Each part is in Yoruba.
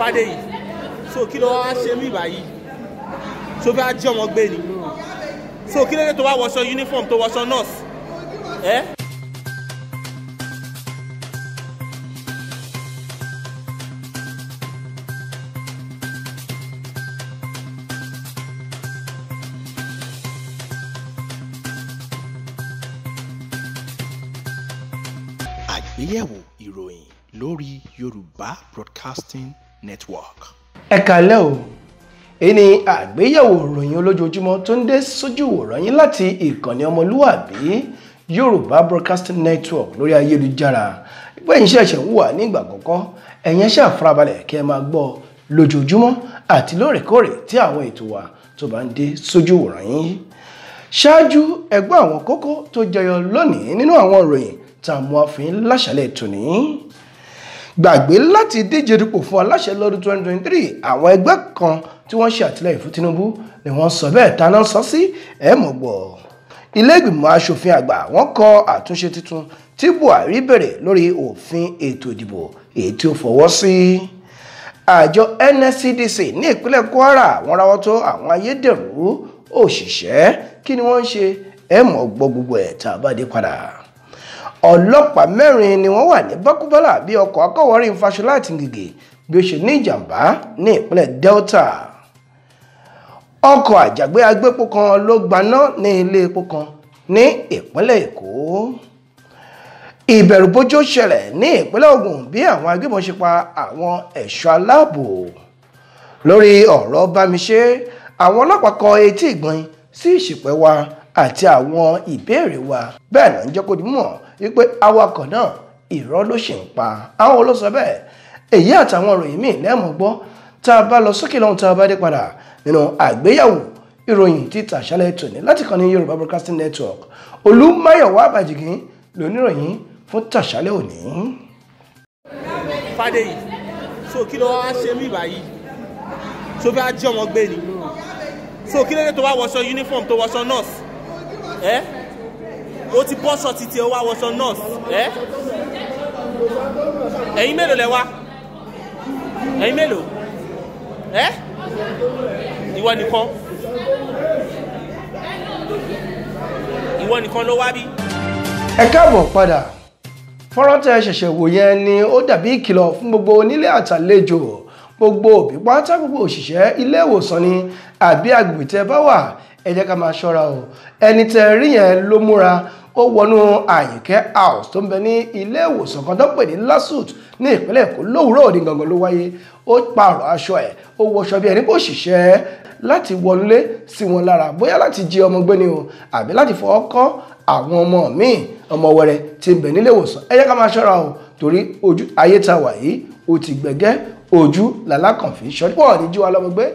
fàdé yìí so kí ló wá ṣe mí báyìí so bí a jí ọmọ gbé ni so kí ló tó wá wọṣọ uniform tó wọṣọ nurse ẹ. àgbéyẹ̀wò ìròyìn lórí Yorùbá Broadcasting network. ẹ kàlẹ́ o èyí ni àgbéyẹ̀wò ìròyìn olójoojúmọ́ tó ń dé sójú ìwòrán yín láti ìkànnì ọmọlúwàbí yorùbá broadcasting network lórí ayélujára ìgbẹ́ yìí ṣẹ̀ṣẹ̀ ń wà nígbà àkọ́kọ́ ẹ̀yin ṣe àfarabalẹ̀ kí ẹ máa gbọ́ lójoojúmọ́ àti lóòrèkóòrè tí àwọn ètò wa tó bá ń dé sójú ìwòrán yín ṣáájú ẹgbọ́n àwọn kókó tó jẹyọ lónìí nínú àwọn ìròyìn tá a mú àfihàn láṣálẹ̀ tòní gbàgbé láti díje dupò fún aláṣẹ lọ́dún 2023 àwọn ẹgbẹ́ kan tí wọ́n ṣe àtìlẹ́yìn fún Tinubu ni wọ́n sọ bẹ́ẹ̀ tàná sọ sí ẹ̀mọ̀ gbọ́ ilé ìgbìmọ̀ asòfin àgbà wọ́n kọ àtúnṣe tuntun tí Buhari bẹ̀rẹ̀ lórí òfin ètò ìdìbò èyí tí ó fọwọ́ sí àjọ NSCDC ní ìpínlẹ̀ Kwara wọ́n rawọ́ tó àwọn ayédèrú òṣìṣẹ́ kí ni wọ́n ń ṣe ẹ̀mọ̀ gbọ́ gbogbo ẹ̀ tá padà ọlọ́pàá mẹ́rin ni wọ́n wà ní bákúbálà bí ọkọ̀ akọ́wọ́rí Fáṣọlá àti Ngige bí ó ṣe ní ìjàmbá ní ìpínlẹ̀ Delta ọkọ̀ àjàgbé agbépo kan ló gbaná ní ilé epo kan ní ìpínlẹ̀ Èkó ìbẹ̀rùbojo ṣẹlẹ̀ ní ìpínlẹ̀ Ògùn bí àwọn agbébọn ṣe pa àwọn ẹ̀ṣọ́ aláàbò lórí ọ̀rọ̀ bámiṣe àwọn ọlọ́pàá kọ etí ìgbọ̀n sí ìṣìpẹ̀ wa àti àwọn ìbéèrè wa bẹ́ẹ̀ ló ń jẹ́ kó di mọ̀ wípé awakọ̀ náà irọ́ ló ṣì ń pa àwọn olóṣọ bẹ́ẹ̀ èyí àtàwọn ìròyìn míì lẹ́mọ̀ gbọ́ tá a bá lọ sókè lọ́hùn tá a bá dé padà nínú àgbéyàwó ìròyìn títà àṣálẹ́ tòní láti kàn ní Yorùbá Broadcasting Network Olúmáyọ̀wá Àbàjìgín lóníròyìn fún tàṣálẹ́ òní. Fádéyì so kí ló wá ṣe mí báyìí so bí a jí ọmọ gbé ni so kí ló dé tó wá wọṣọ uniform tó wọṣọ nurse. Eh? o ti bọ́ṣọ títí o wá wọṣọ nurse ẹ ẹ̀yin mélòó lẹ wá ẹ̀yin mélòó ẹ ìwọ nìkan ìwọ nìkan ló wá bí. ẹ káàbọ̀ padà fọ́nrán tẹ́ ṣẹ̀ṣẹ̀ wò yẹn ni ó dàbí ìkìlọ̀ fún gbogbo onílé àtàlejò gbogbo òbí pátá gbogbo òṣìṣẹ́ ilé ìwòsàn ni àbí agbègbè tẹ́ bá wà ẹ jẹ́ ká máa ṣọ́ra o ẹni tẹ́ rí yẹn ló múra ó wọnú àyìnkẹ́ house tó ń bẹ ní ilé ìwòsàn kan tó pè ní lasut ní ìpínlẹ̀ èkó lówùúrọ̀ òní gangan ló wáyé ó pààrọ̀ aṣọ ẹ̀ ó wọṣọ bí ẹni kò ṣiṣẹ́ láti wọlé sí wọn lára bóyá láti jí ọmọ gbé ni o àbí láti fọwọ́ kọ́ àwọn ọmọ míì ọmọ wẹrẹ tí ń bẹ nílé ìwòsàn ẹ jẹ́ ká máa ṣọ́ra o torí ojú ayé ta wà yìí ó ti gbẹ̀gẹ́ ojú làlákàn fi ṣọ́ wọn ò ní jí wa lọ́mọ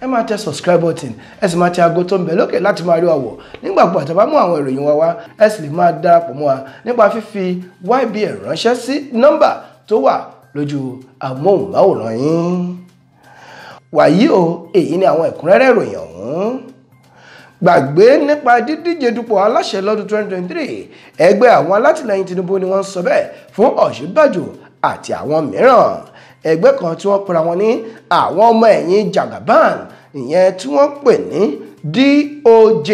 ẹ máa tẹ subscribe button ẹ sì máa tẹ aago tó ń bẹ lókè láti máa rí ọ̀wọ̀ nígbàgbọ́ àtàbá mú àwọn ìròyìn wa wá ẹ sì lè máa darapọ̀ mọ́ wa nípa fífi YBN ránṣẹ́ sí nọ́mbà tó wà lójú amóhùnmáwòrán yín. wàyí o èyí ni àwọn ẹ̀kúnrẹ́rẹ́ ìròyìn ọ̀hún gbàgbé nípa dídíje dupò aláṣẹ lọ́dún 2023 ẹgbẹ́ àwọn alátìlẹyìn Tinubu ni wọ́n ń sọ bẹ́ẹ̀ fún Ọ̀ṣínbàjò àti àwọn mìíràn ẹgbẹ́ kan tí wọ́n pera wọn ní àwọn ọmọ ẹ̀yìn Jagaban ìyẹn tí wọ́n pè ní DOJ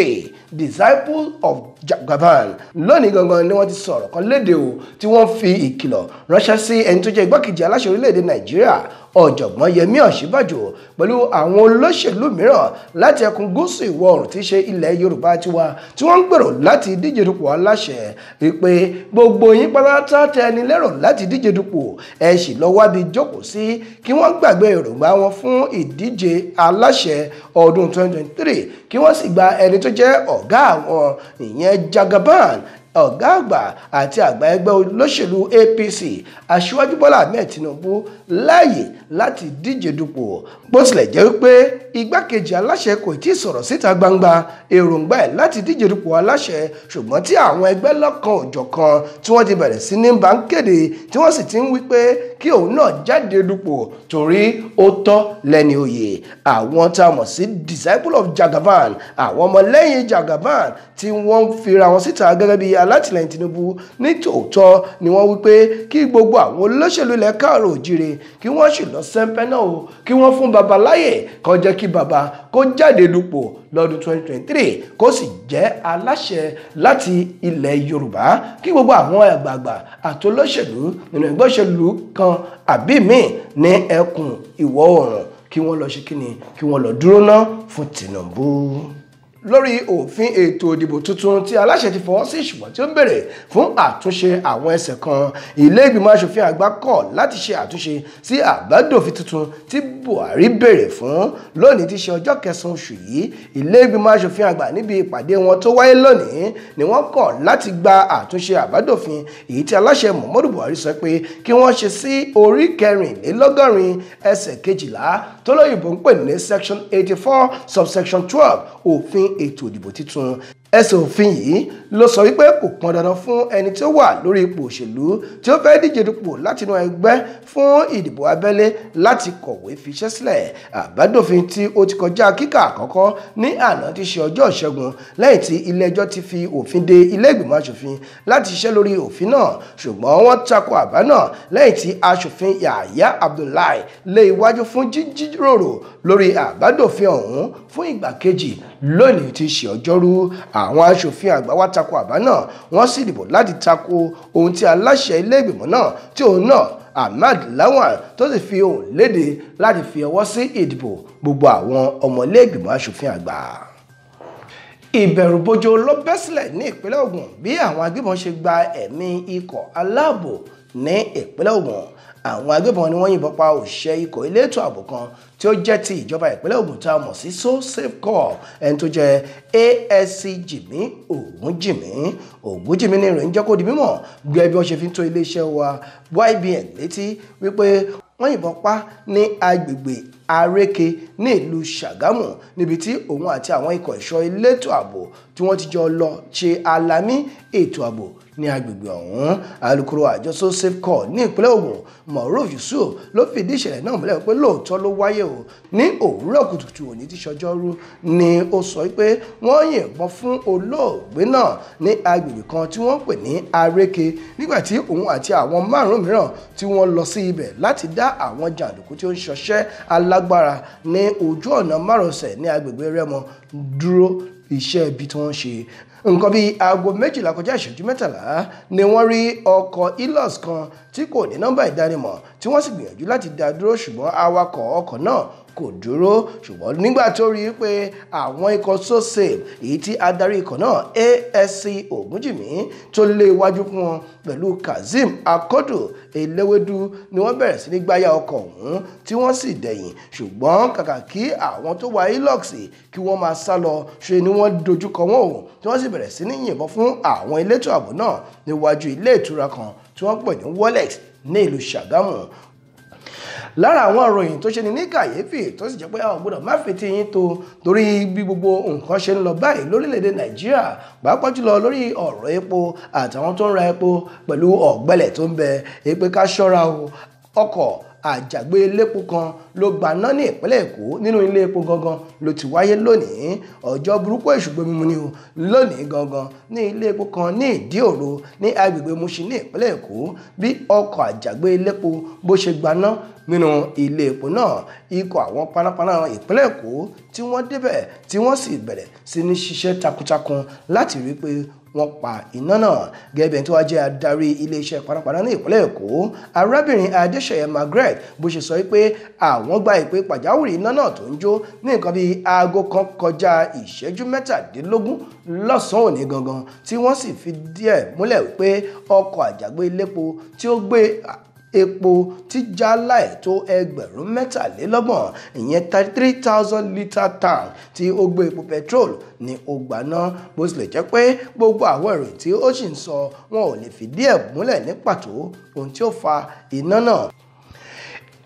disciple of Jagaban lónìí gangan ni wọ́n ti sọ̀rọ̀ kan léde o tí wọ́n fi ìkìlọ̀ ránṣẹ́ sí ẹni tó jẹ́ igbákejì aláṣẹ orílẹ̀-èdè Nàìjíríà ọ̀jọ̀gbọ́n yẹmí ọ̀ṣíbàjò pẹ̀lú àwọn olóṣèlú mìíràn láti ẹkùn gúúsù ìwọ̀ oòrùn tí í ṣe ilẹ̀ yorùbá tiwa tí wọ́n ń gbèrò láti díje dupò aláṣẹ wípé gbogbo yín pátá tẹ ẹni lérò láti díje dupò ẹ sì lọ wábi jókòó sí kí wọ́n gbàgbé èròǹgbà wọn fún ìdíje aláṣẹ ọdún 2023 kí wọ́n sì gba ẹni tó jẹ́ ọ̀gá àwọn ìyẹn jagaban ọ̀gá àgbà àti àgbà ẹgbẹ́ olóṣèlú APC aṣíwájú Bọ́lá Ahmed Tinubu láàyè láti díje dupò bó tilẹ̀ jẹ́ pé igbákejì aláṣẹ kò tí ì sọ̀rọ̀ síta gbangba èròǹgbà ẹ̀ láti díje dupò aláṣẹ ṣùgbọ́n tí àwọn ẹgbẹ́ lọ́kan òjọ̀kan tí wọ́n ti bẹ̀rẹ̀ sí ní bá ń kéde tí wọ́n sì ti ń wí pé kí òun náà jáde dupò torí ó tọ́ lẹ́ni oyè àwọn tá a mọ̀ sí disciple of Jagaban àwọn ọmọlẹ́yìn Jagaban tí wọ́n ń fira wọn síta gẹ́gẹ́ bí alátìlẹyìn Tinubu ní tòótọ́ ni wọ́n wí pé kí gbogbo àwọn olóṣèlú ilẹ̀ káàrọ̀ òjire kí wọ́n sì lọ sẹ́ńpẹ́ náà o kí wọ́n fún baba láyè kan jẹ́ kí baba kó jáde dupò lọ́dún 2023 kó sì jẹ́ aláṣẹ láti ilẹ̀ Yorùbá kí gbogbo àwọn àgbààgbà àti olóṣèlú nínú ẹgbẹ́ òṣèlú kan àbí míì ní ẹkùn ìwọ̀ oòrùn kí wọ́n lọ ṣe kíni kí wọ́n lọ dúró ná fún Tinubu lórí òfin ètò ìdìbò tuntun tí aláṣẹ ti fọwọ́ sí ṣùgbọ́n tí ó ń bèrè fún àtúnṣe àwọn ẹsẹ̀ kan ilé ìgbìmọ̀ asòfin àgbà kọ̀ láti ṣe àtúnṣe sí àbádòfin tuntun tí Buhari bèrè fún lónìí ti ṣe ọjọ́ kẹsàn-án oṣù yìí ilé ìgbìmọ̀ asòfin àgbà níbi ìpàdé wọn tó wáyé lónìí ni wọ́n kọ̀ láti gba àtúnṣe àbádòfin èyí tí aláṣẹ Muhammadu Buhari sọ pé kí wọ́n ṣe sí orí kẹrìnlélọ́gọ́rin ẹsẹ̀ kejìlá tó lóyìnbó ń pè ní section eighty four subsection twelve òfin ètò ìdìbò títun ẹ ṣòfin yìí ló sọ wípé kò pọn dandan fún ẹni tí ó wà lórí ipò òṣèlú tí ó fẹ́ díje dupò látinú ẹgbẹ́ fún ìdìbò abẹ́lé láti kọ̀wé fiṣẹ́ sílẹ̀ àbádòfin tí ó ti kọjá kíkà àkọ́kọ́ ní àná ti ṣe ọjọ́ ìṣẹ́gun lẹ́yìn tí ilé ẹjọ́ ti fi òfin de ilé ìgbìmọ̀ aṣòfin láti ṣiṣẹ́ lórí òfin náà ṣùgbọ́n wọ́n tako àbá náà lẹ́yìn tí aṣòfin Yahaya Abdullahi lé iwájú fún jíjíròrò lórí àbádòfin ọ̀hún fún ìgbà kejì lónìí ti ṣe ọjọ́rú àwọn aṣòfin àgbà wa ta tako àbá náà wọ́n sì dìbò láti tako ohun tí aláṣẹ ilé ìgbìmọ̀ náà tí òun náà Ahmad Lawan tó sì fi ohùn léde láti fi ọwọ́ sí ìdìbò gbogbo àwọn ọmọ ilé ìgbìmọ̀ asòfin àgbà ìbẹ̀rùbojo ló bẹ́ sílẹ̀ ní ìpínlẹ̀ Ògùn bí àwọn agbébọn ṣe gba ẹ̀mí ikọ̀ aláàbò ní ìpínlẹ̀ Ògùn àwọn agbébọn ni wọ́n yìnbọn pa òṣìṣẹ́ ikọ̀ elétò ààbò kan tí ó jẹ́ ti ìjọba ìpínlẹ̀ Ògùn tá a mọ̀ sí so safe call ẹni tó jẹ́ ASC Jìmí Ògúnjìmí Ògúnjìmí ni ìròyìn jẹ́ kó di mímọ̀ gbẹ́ bí wọ́n ṣe fi ń tó iléeṣẹ́ wa YBN létí wípé wọ́n yìnbọn pa ní agbègbè aréke ní ìlú Ṣàgámù níbi tí òun àti àwọn ikọ̀ ẹ̀ṣọ́ elétò ààbò tí wọ́n ti jọ lọ ṣe alamí ètò ààbò ní agbègbè ọ̀hún alukoro àjọ sosef call ní ìpínlẹ̀ Ògùn Moruf Yusuf ló fìdí ìṣẹ̀lẹ̀ náà múlẹ̀ pé lóòótọ́ ló wáyé o ní òwúrọ̀ kùtùkùtù òní tí sọjọ́rú ni ó sọ pé wọ́n yìnbọn fún olóògbé náà ní agbègbè kan tí wọ́n pè ní Aréke nígbà tí òun àti àwọn márùn-ún mìíràn tí wọ́n lọ sí ibẹ̀ láti dá àwọn jàǹdùkú tí ó ń ṣọṣẹ́ alágbára ní ojú ọ̀nà márosẹ̀ ní agbègbè Rẹ́mọ dúró iṣẹ́ ibi tí wọ́n ṣe nǹkan bíi aago méjìlá kọjá ìṣẹ́jú mẹ́tàlá ni wọ́n rí ọkọ̀ Hilux kan tí kò ní nọ́mbà ìdánimọ̀ tí wọ́n sì gbìyànjú láti dá dúró ṣùgbọ́n awakọ̀ ọkọ̀ náà kò dúró ṣùgbọ́n nígbà tó rí i pé àwọn ikọ̀ SoSafe èyí tí adarí ikọ̀ náà ASC Ògúnjìmí tó lé iwájú fún wọn pẹ̀lú Kazeem Akodo eléwédú ni wọ́n bẹ̀rẹ̀ sí ní gbáyà ọkọ̀ ọ̀hún tí wọ́n sì dẹ̀yìn ṣùgbọ́n kàkà kí àwọn tó wà ilox kí wọ́n máa sá lọ ṣe ni wọ́n dojúkọ wọn ò tí wọ́n sì bẹ̀rẹ̀ sí ní yìnbọn fún àwọn elétò ààbò náà níwájú ilé ìtura kan tí wọ́n pè ní Wolex ní ìlú Ṣàgámù lára àwọn ìròyìn tó ṣe ni ní kàyéfì tó sì jẹ́ pé àwọn gbọ́dọ̀ má fi ti yín tó torí bí gbogbo nǹkan ṣe ń lọ báyìí lórílẹ̀‐èdè nàìjíríà pàápàá jùlọ lórí ọ̀rọ̀ epo àtàwọn tó ń ra epo pẹ̀lú ọ̀gbẹ́lẹ̀ tó ń bẹ èpè ká ṣọ́ra ọkọ̀ àjàgbé iléepo kan ló gbaná ní ìpínlẹ̀ èkó nínú iléepo gangan ló ti wáyé lónìí ọjọ́ burúkú èṣùgbọ́mímu ni o lónìí gangan ní iléepo kan ní ìdíòro ní agbègbè mushin ní ìpínlẹ̀ èkó bí ọkọ̀ àjàgbé iléepo bó ṣe gbaná nínú ilé epo náà ikọ̀ àwọn panápaná ìpínlẹ̀ èkó tí wọ́n débẹ̀ tí wọ́n sì bẹ̀rẹ̀ sí ní ṣiṣẹ́ takuntakun láti rí i pé wọ́n pa iná náà gẹ́gẹ́ tó wá jẹ́ adarí iléeṣẹ́ panápaná ní ìpínlẹ̀ èkó arábìnrin adéṣeyẹ margaret bó ṣe sọ pé àwọn gba ìpè pàjáwìrì iná náà tó ń jó ní nǹkan bíi aago kan kọjá ìṣẹ́jú mẹ́tàdínlógún lọ́sàn-án òní gangan tí wọ́n sì fi díẹ̀ múlẹ̀ pé ọkọ̀ àjàgbé ilépo tí ó gbé epo tí jálàì tó ẹgbẹ̀rún mẹ́tàlélọ́gbọ̀n ìyẹn thirty three thousand litre tank tí ó gbé epo petrol ni ó gbaná bó tilẹ̀ jẹ́ pé gbogbo àwọn ìròyìn tí ó sì ń sọ wọn ò lè fìdí ẹ̀ múlẹ̀ ní pàtó ohun tí ó fa iná náà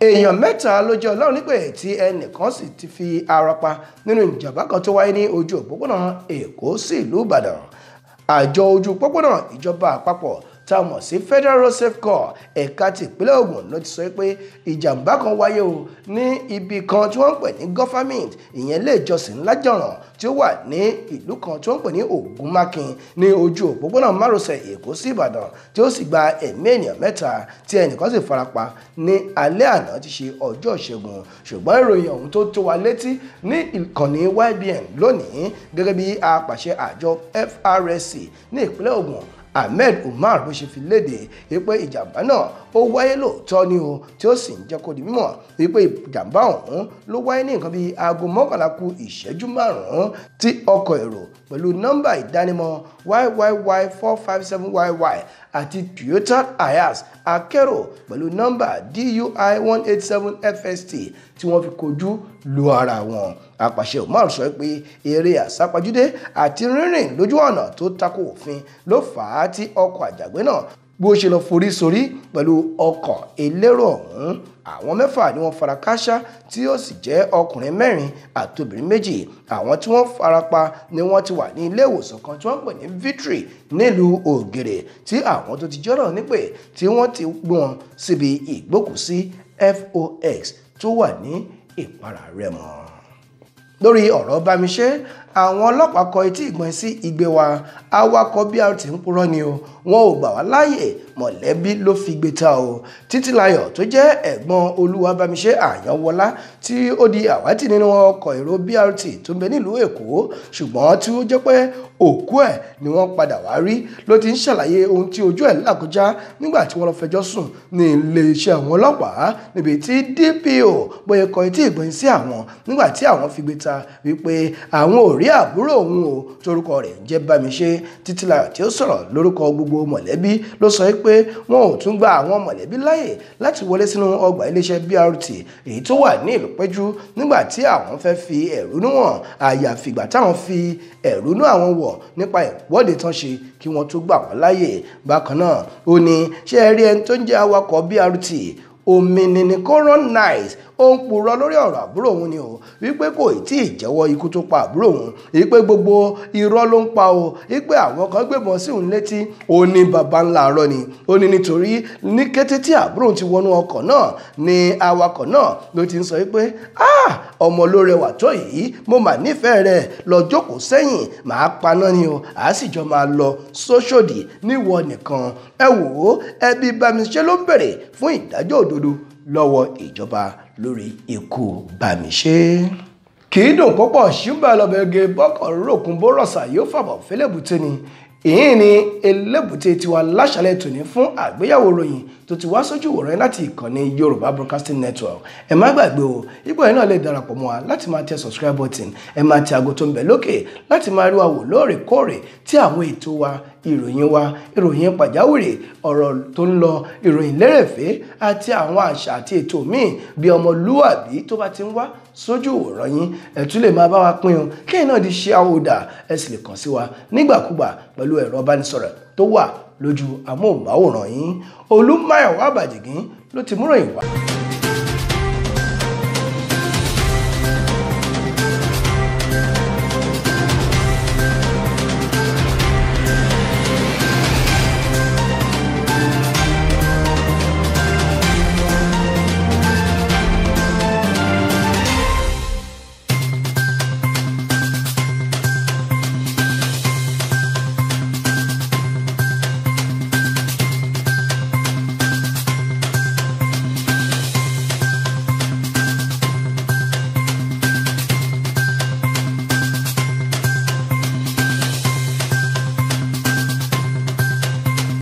èèyàn mẹ́ta ló jẹ́ ọlọ́run nípè tí ẹnìkan sì ti fi ara pa nínú ìjàmbá kan tó wáyé ní ojú òpópónà èkó sí ìlú ìbàdàn àjọ ojú òpópónà ìjọba àpapọ̀ tá a mọ̀ sí Federal Road Safety Corps ẹ̀ka ti ìpínlẹ̀ Ògùn ló ti sọ pé ìjàmbá kan wáyé o ní ibi kan tí wọ́n ń pè ní government ìyẹn ilé ìjọsìn ńlájọ̀ràn tí ó wà ní ìlú kan tí wọ́n ń pè ní Ògúnmákin ní ojú òpópónà márosẹ̀ Èkó sí Ìbàdàn tí ó sì gba ẹ̀mí ènìyàn mẹ́ta tí ẹnìkan sì farapa ní alẹ́ àná ti ṣe ọjọ́ ìṣẹ́gun ṣùgbọ́n ìròyìn ọ̀hún tó tó wa létí ní ìkànnì YBN lónìí gẹ́gẹ́ bí apàṣẹ àjọ FRSC ní ìpínlẹ̀ Ògùn Ahmed Umar bó ṣe fi léde wípé ìjàmbá náà ó wáyé lóòótọ́ ni o tí ó sì ń jẹ́ kó di mímọ̀ wípé ìjàmbá ọ̀hún ló wáyé ní nǹkan bíi aago mọ́kànlá ku ìṣẹ́jú márùn-ún tí ọkọ̀ èrò pẹ̀lú nọ́mbà ìdánimọ̀ yyy four five seven yy àti Toyota Hiace akero pẹ̀lú nọ́mbà DUI one eight seven FST tí wọ́n fi kojú lu ara wọn apàṣẹ Umar sọ pé eré àsápajúdé àti rínrìn lójú ọ̀nà tó tako òfin ló fà á tí ọkọ̀ àjàgbé náà bó ṣe lọ forí sórí pẹ̀lú ọkọ̀ elérò ọ̀hún àwọn mẹ́fà ni wọ́n fara kááṣá tí ó sì jẹ́ ọkùnrin mẹ́rin àti obìnrin méjì àwọn tí wọ́n farapa ni wọ́n ti wà ní ilé ìwòsàn kan tí wọ́n pè ní Victory nílùú Ògèrè tí àwọn tó ti jọ́rọ̀ nípè tí wọ́n ti gbọ́n síbi ìgbókùsí FOX tó wà ní ìpara Rẹ́mọ lórí ọ̀rọ̀ bámiṣẹ́ àwọn ọlọ́pàá kọ etí ìgbọ̀n sí igbe wa awakọ̀ BRT ń purọ́ ni o wọn ò gbà wá láàyè mọ̀lẹ́bí ló fi gbé ta o títílayọ̀ tó jẹ́ ẹ̀gbọ́n olúwabámiṣẹ́ àyànwọlá tí ó di àwátì nínú ọkọ̀ èrò BRT tó ń bẹ nílùú èkó ṣùgbọ́n tí ó jẹ́ pé òkú ẹ̀ ni wọ́n padà wá rí ló ti ń ṣàlàyé ohun tí ojú ẹ̀ làkọjá nígbà tí wọ́n lọ fẹjọ́ sùn ní iléeṣẹ́ àwọn ọlọ́pàá níbi tí DPO bóyá kọ etí ìgbọ̀n sí àwọn nígbà tí àwọn fi gbé ta wípé àwọn ò rí tàbí àbúrò òun o torúkọ rẹ̀ ń jẹ́ Bámiṣé Títílayọ̀ tí ó sọ̀rọ̀ lórúkọ gbogbo mọ̀lẹ́bí ló sọ pé wọn ò tún gba àwọn mọ̀lẹ́bí láyè láti wọlé sínú ọgbà iléeṣẹ́ BRT èyí tó wà ní Ìlúpẹ́jú nígbà tí àwọn fẹ́ fi ẹ̀rúnú hàn àyàfi ìgbà táwọn fi ẹ̀rúnú àwọn wọ̀ nípa ìwọ́de tán ṣe kí wọ́n tó gbà wọ́n láyè bákan náà ó ní ṣé ẹ rí ẹni tó ń jẹ́ awakọ̀ BRT òmìnir ní kó rán nice ó ń purọ́ lórí ọ̀rọ̀ àbúrò òun ni o wípé kò tí ì jẹ́wọ́ ikú tó pa àbúrò òun wípé gbogbo irọ́ ló ń pa o wípé àwọn kan gbébọn sí òun létí ó ní baba ńlá arọ́ ni ó ní nítorí ní kété tí àbúrò òun ti wọnú ọkọ̀ náà ni awakọ̀ náà ló ti ń sọ wípé ah ọmọ ló rẹwà tó yìí mo mà nífẹ̀ẹ́ rẹ̀ lọ jókòó sẹ́yìn màá paná ni o àá sì jọ máa lọ sóṣòdì níwọ nìkan ẹ wò ó ẹbí bámiṣẹ́ ló ń bèrè fún ìdájọ́ òdodo lọ́wọ́ ìjọba lórí ikú Bámiṣé kì í dùn púpọ̀ ṣùgbọ́n ọlọ́bẹ̀gẹ bọ́kàn rògùn bó rọ̀ṣà yóò fàbọ̀ fẹ́lẹ́bùté ni èyí ni elébùté tiwa láṣálẹ́ tòní fún àgbéyàwó ròyìn tó ti wá sójú wòrán láti ìkànnì Yorùbá Broadcasting Network ẹ má gbàgbé o ibò ẹ náà lè darapọ̀ mọ́ wa láti máa tẹ subscribe button ẹ máa tẹ aago tó ń bẹ lókè láti máa rí wa wò lóòrèkóòrè tí àwọn ètò wa ìròyìn wa ìròyìn pàjáwìrì ọ̀rọ̀ tó ń lọ ìròyìn lẹ́rẹ̀fẹ́ àti àwọn àṣà àti ètò míì bí ọmọlúwàbí tó bá ti ń wá sójú òòràn yín ẹ tún lè máa bá wa pín o kẹ́yìn náà di ṣe àwòdà ẹ sì lè kàn sí wa nígbàkúgbà pẹ̀lú ẹ̀rọ ọbánisọ̀rọ̀ tó wà lójú amóhùnmáwòrán yín olúmáyọ̀wá àbàjìgín ló ti múròyìn wá.